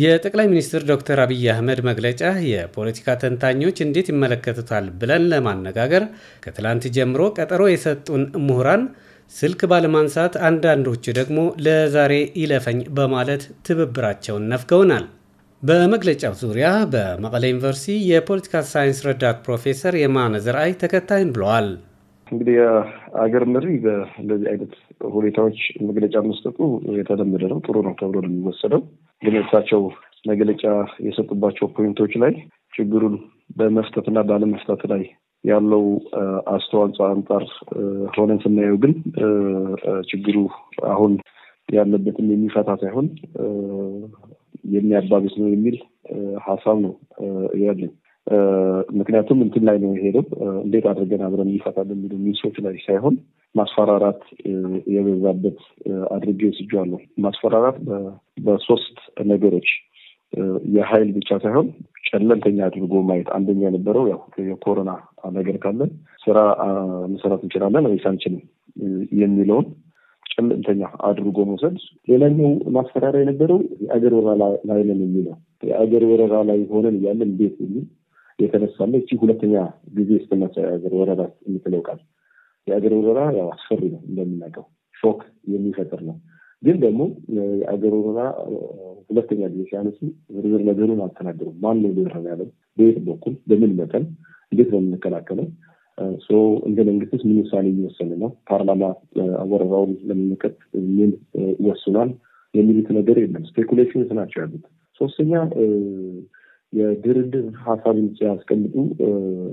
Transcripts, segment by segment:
የጠቅላይ ሚኒስትር ዶክተር አብይ አህመድ መግለጫ የፖለቲካ ተንታኞች እንዴት ይመለከቱታል ብለን ለማነጋገር ከትላንት ጀምሮ ቀጠሮ የሰጡን ምሁራን ስልክ ባለማንሳት፣ አንዳንዶቹ ደግሞ ለዛሬ ይለፈኝ በማለት ትብብራቸውን ነፍገውናል። በመግለጫው ዙሪያ በመቀሌ ዩኒቨርሲቲ የፖለቲካ ሳይንስ ረዳት ፕሮፌሰር የማነ ዘርአይ ተከታይም ብለዋል። እንግዲህ የአገር መሪ በእንደዚህ አይነት ሁኔታዎች መግለጫ መስጠቱ የተለመደ ነው፣ ጥሩ ነው ተብሎ ነው የሚወሰደው። ግን እሳቸው መግለጫ የሰጡባቸው ፖይንቶች ላይ ችግሩን በመፍታትና ባለመፍታት ላይ ያለው አስተዋጽኦ አንጻር ሆነን ስናየው ግን ችግሩ አሁን ያለበትን የሚፈታ ሳይሆን የሚያባብስ ነው የሚል ሀሳብ ነው ያለኝ። ምክንያቱም እንትን ላይ ነው የሄደው። እንዴት አድርገን አብረን እንፈታለን የሚሉ ሚሶች ላይ ሳይሆን ማስፈራራት የበዛበት አድርጌ ወስጄዋለሁ። ማስፈራራት በሶስት ነገሮች የሀይል ብቻ ሳይሆን ጨለምተኛ አድርጎ ማየት። አንደኛ የነበረው ያው የኮሮና ነገር ካለን ስራ መሰራት እንችላለን ወይስ አንችልም የሚለውን ጨለምተኛ አድርጎ መውሰድ። ሌላኛው ማስፈራሪያ የነበረው የአገር ወረራ ላይ ነን የሚለው የአገር ወረራ ላይ ሆነን እያለን እንዴት የሚል የተነሳለ እቺ ሁለተኛ ጊዜ ስትነሳ የአገር ወረራ የምትለው ቃል የአገር ወረራ ያው አስፈሪ ነው እንደምናውቀው ሾክ የሚፈጥር ነው። ግን ደግሞ የአገር ወረራ ሁለተኛ ጊዜ ሲያነሱ ዝርዝር ነገሩን አልተናገሩም። ማን ነው ሊወረን ያለ በየት በኩል፣ በምን መጠን፣ እንዴት ነው የምንከላከለው፣ እንደ መንግስትስ ምን ውሳኔ እየወሰን ነው፣ ፓርላማ አወረራውን ለመመከት ምን ወስኗል የሚሉት ነገር የለም። ስፔኩሌሽንስ ናቸው ያሉት። ሶስተኛ የድርድር ሀሳብን ሲያስቀምጡ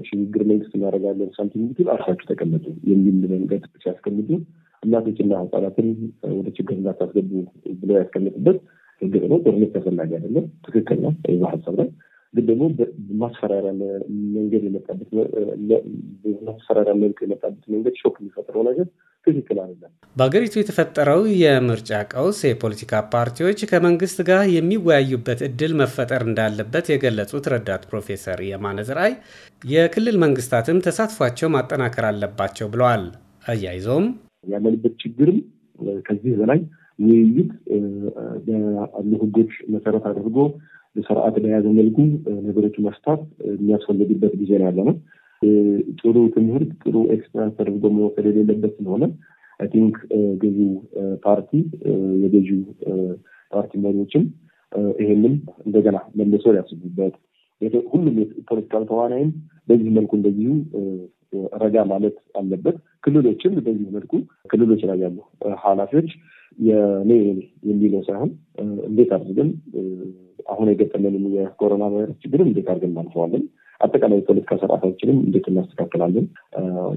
ሽግግር መንግስት እናደርጋለን ሳምቲንግ ብትል አርፋችሁ ተቀመጡ የሚል መንገድ ሲያስቀምጡ እናቶችና ህጻናትን ወደ ችግር እንዳታስገቡ ብለው ያስቀምጡበት እርግጥ ነው ጦርነት ተፈላጊ አይደለም። ትክክል ነው ሀሳብ ላይ ግን ደግሞ ማስፈራሪያ መንገድ የመጣበት ማስፈራሪያ መልክ የመጣበት መንገድ ሾክ የሚፈጥረው ነገር ትክክል አይደለም። በሀገሪቱ የተፈጠረው የምርጫ ቀውስ የፖለቲካ ፓርቲዎች ከመንግስት ጋር የሚወያዩበት እድል መፈጠር እንዳለበት የገለጹት ረዳት ፕሮፌሰር የማነ ዝርአይ የክልል መንግስታትም ተሳትፏቸው ማጠናከር አለባቸው ብለዋል። አያይዘውም ያለንበት ችግርም ከዚህ በላይ ውይይት ለህጎች መሰረት አድርጎ ስርዓት በያዘ መልኩ ነገሮች መፍታት የሚያስፈልግበት ጊዜ ነው ያለ ነው። ጥሩ ትምህርት ጥሩ ኤክስፐሪንስ አድርጎ መወሰድ የሌለበት ስለሆነ አይ ቲንክ uh, uh, ፓርቲ uh, የገዢው ፓርቲ መሪዎችም ይሄንም እንደገና መልሶ ሊያስቡበት ሁሉም የፖለቲካል ተዋናይም በዚህ መልኩ እንደዚሁ ረጋ ማለት አለበት። ክልሎችም በዚህ መልኩ ክልሎች ላይ ያሉ ኃላፊዎች የኔ የሚለው ሳይሆን እንዴት አድርገን አሁን የገጠመንን የኮሮና ቫይረስ ችግር እንዴት አድርገን እናልፈዋለን አጠቃላይ የፖለቲካ ስርዓታችንም እንዴት እናስተካከላለን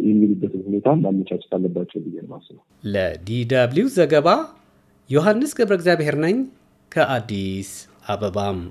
የሚሉበትን ሁኔታ ማመቻቸት አለባቸው ብዬ ነው ለዲ ደብልዩ ዘገባ ዮሐንስ ገብረ እግዚአብሔር ነኝ ከአዲስ አበባም